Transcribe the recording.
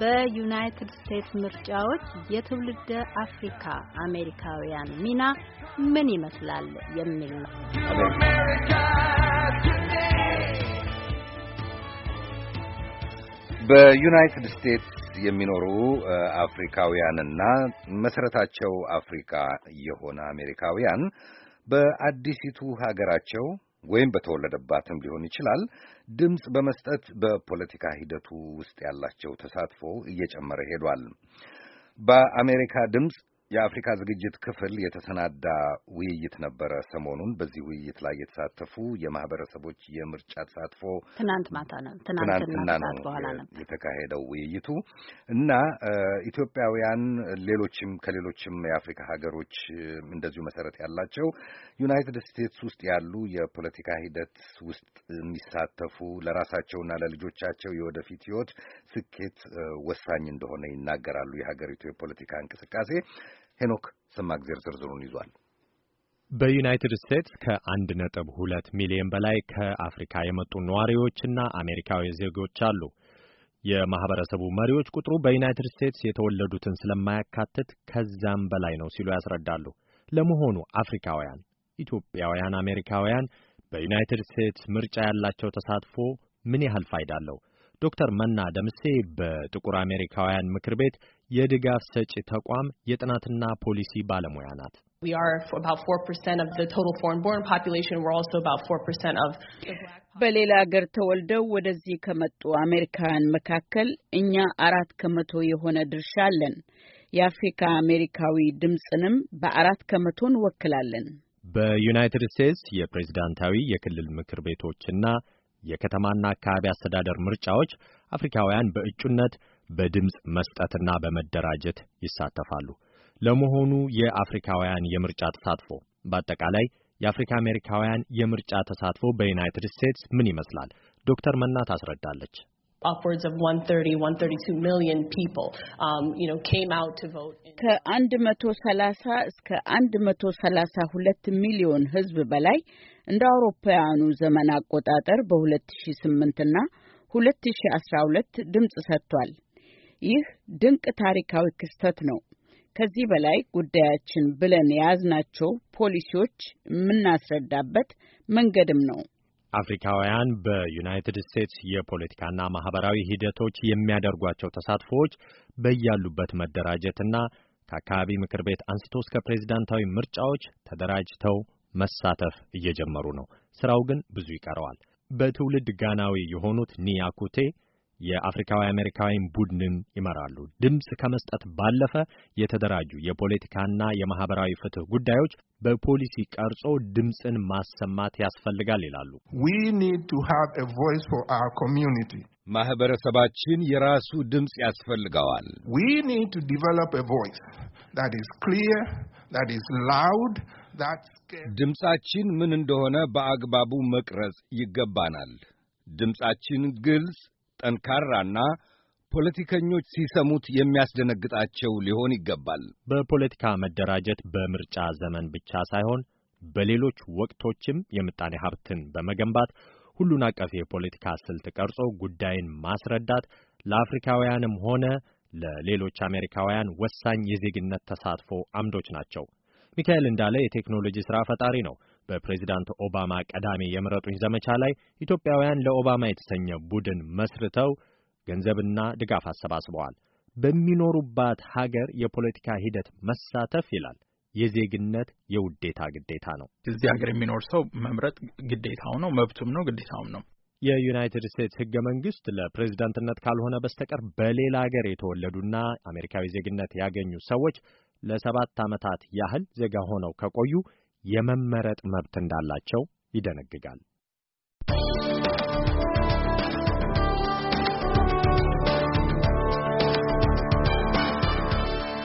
በዩናይትድ ስቴትስ ምርጫዎች የትውልደ አፍሪካ አሜሪካውያን ሚና ምን ይመስላል የሚል ነው። በዩናይትድ ስቴትስ የሚኖሩ አፍሪካውያንና መሰረታቸው አፍሪካ የሆነ አሜሪካውያን በአዲሲቱ ሀገራቸው ወይም በተወለደባትም ሊሆን ይችላል ድምፅ በመስጠት በፖለቲካ ሂደቱ ውስጥ ያላቸው ተሳትፎ እየጨመረ ሄዷል። በአሜሪካ ድምፅ የአፍሪካ ዝግጅት ክፍል የተሰናዳ ውይይት ነበረ። ሰሞኑን በዚህ ውይይት ላይ የተሳተፉ የማህበረሰቦች የምርጫ ተሳትፎ ትናንት ማታ ነው ትናንትና ነው የተካሄደው ውይይቱ እና ኢትዮጵያውያን፣ ሌሎችም ከሌሎችም የአፍሪካ ሀገሮች እንደዚሁ መሰረት ያላቸው ዩናይትድ ስቴትስ ውስጥ ያሉ የፖለቲካ ሂደት ውስጥ የሚሳተፉ ለራሳቸውና ለልጆቻቸው የወደፊት ህይወት ስኬት ወሳኝ እንደሆነ ይናገራሉ። የሀገሪቱ የፖለቲካ እንቅስቃሴ ሄኖክ ሰማግዜር ዝርዝሩን ይዟል። በዩናይትድ ስቴትስ ከአንድ ነጥብ ሁለት ሚሊዮን በላይ ከአፍሪካ የመጡ ነዋሪዎችና አሜሪካዊ ዜጎች አሉ። የማህበረሰቡ መሪዎች ቁጥሩ በዩናይትድ ስቴትስ የተወለዱትን ስለማያካትት ከዛም በላይ ነው ሲሉ ያስረዳሉ። ለመሆኑ አፍሪካውያን፣ ኢትዮጵያውያን አሜሪካውያን በዩናይትድ ስቴትስ ምርጫ ያላቸው ተሳትፎ ምን ያህል ፋይዳ አለው? ዶክተር መና ደምሴ በጥቁር አሜሪካውያን ምክር ቤት የድጋፍ ሰጪ ተቋም የጥናትና ፖሊሲ ባለሙያ ናት። በሌላ ሀገር ተወልደው ወደዚህ ከመጡ አሜሪካውያን መካከል እኛ አራት ከመቶ የሆነ ድርሻ አለን። የአፍሪካ አሜሪካዊ ድምፅንም በአራት ከመቶ እንወክላለን። በዩናይትድ ስቴትስ የፕሬዝዳንታዊ የክልል ምክር ቤቶችና የከተማና አካባቢ አስተዳደር ምርጫዎች አፍሪካውያን በእጩነት በድምፅ መስጠትና በመደራጀት ይሳተፋሉ። ለመሆኑ የአፍሪካውያን የምርጫ ተሳትፎ በአጠቃላይ የአፍሪካ አሜሪካውያን የምርጫ ተሳትፎ በዩናይትድ ስቴትስ ምን ይመስላል? ዶክተር መና ታስረዳለች። ከአንድ መቶ ሰላሳ እስከ አንድ መቶ ሰላሳ ሁለት ሚሊዮን ህዝብ በላይ እንደ አውሮፓውያኑ ዘመን አቆጣጠር በ2008 እና 2012 ድምጽ ሰጥቷል። ይህ ድንቅ ታሪካዊ ክስተት ነው። ከዚህ በላይ ጉዳያችን ብለን የያዝናቸው ፖሊሲዎች የምናስረዳበት መንገድም ነው። አፍሪካውያን በዩናይትድ ስቴትስ የፖለቲካና ማህበራዊ ሂደቶች የሚያደርጓቸው ተሳትፎዎች በያሉበት መደራጀትና ከአካባቢ ምክር ቤት አንስቶ እስከ ፕሬዚዳንታዊ ምርጫዎች ተደራጅተው መሳተፍ እየጀመሩ ነው። ስራው ግን ብዙ ይቀረዋል። በትውልድ ጋናዊ የሆኑት ኒያኩቴ የአፍሪካዊ አሜሪካዊን ቡድንን ይመራሉ። ድምፅ ከመስጠት ባለፈ የተደራጁ የፖለቲካና የማህበራዊ ፍትህ ጉዳዮች በፖሊሲ ቀርጾ ድምፅን ማሰማት ያስፈልጋል ይላሉ። ማህበረሰባችን የራሱ ድምፅ ያስፈልገዋል። ድምፃችን ምን እንደሆነ በአግባቡ መቅረጽ ይገባናል። ድምፃችን ግልጽ ጠንካራና ፖለቲከኞች ሲሰሙት የሚያስደነግጣቸው ሊሆን ይገባል። በፖለቲካ መደራጀት በምርጫ ዘመን ብቻ ሳይሆን በሌሎች ወቅቶችም የምጣኔ ሀብትን በመገንባት ሁሉን አቀፍ የፖለቲካ ስልት ቀርጾ ጉዳይን ማስረዳት ለአፍሪካውያንም ሆነ ለሌሎች አሜሪካውያን ወሳኝ የዜግነት ተሳትፎ አምዶች ናቸው። ሚካኤል እንዳለ የቴክኖሎጂ ሥራ ፈጣሪ ነው። በፕሬዚዳንት ኦባማ ቀዳሚ የምረጡኝ ዘመቻ ላይ ኢትዮጵያውያን ለኦባማ የተሰኘ ቡድን መስርተው ገንዘብና ድጋፍ አሰባስበዋል። በሚኖሩባት ሀገር የፖለቲካ ሂደት መሳተፍ ይላል የዜግነት የውዴታ ግዴታ ነው። እዚህ ሀገር የሚኖር ሰው መምረጥ ግዴታው ነው፣ መብቱም ነው፣ ግዴታውም ነው። የዩናይትድ ስቴትስ ህገ መንግስት ለፕሬዝዳንትነት ካልሆነ በስተቀር በሌላ ሀገር የተወለዱና አሜሪካዊ ዜግነት ያገኙ ሰዎች ለሰባት ዓመታት ያህል ዜጋ ሆነው ከቆዩ የመመረጥ መብት እንዳላቸው ይደነግጋል።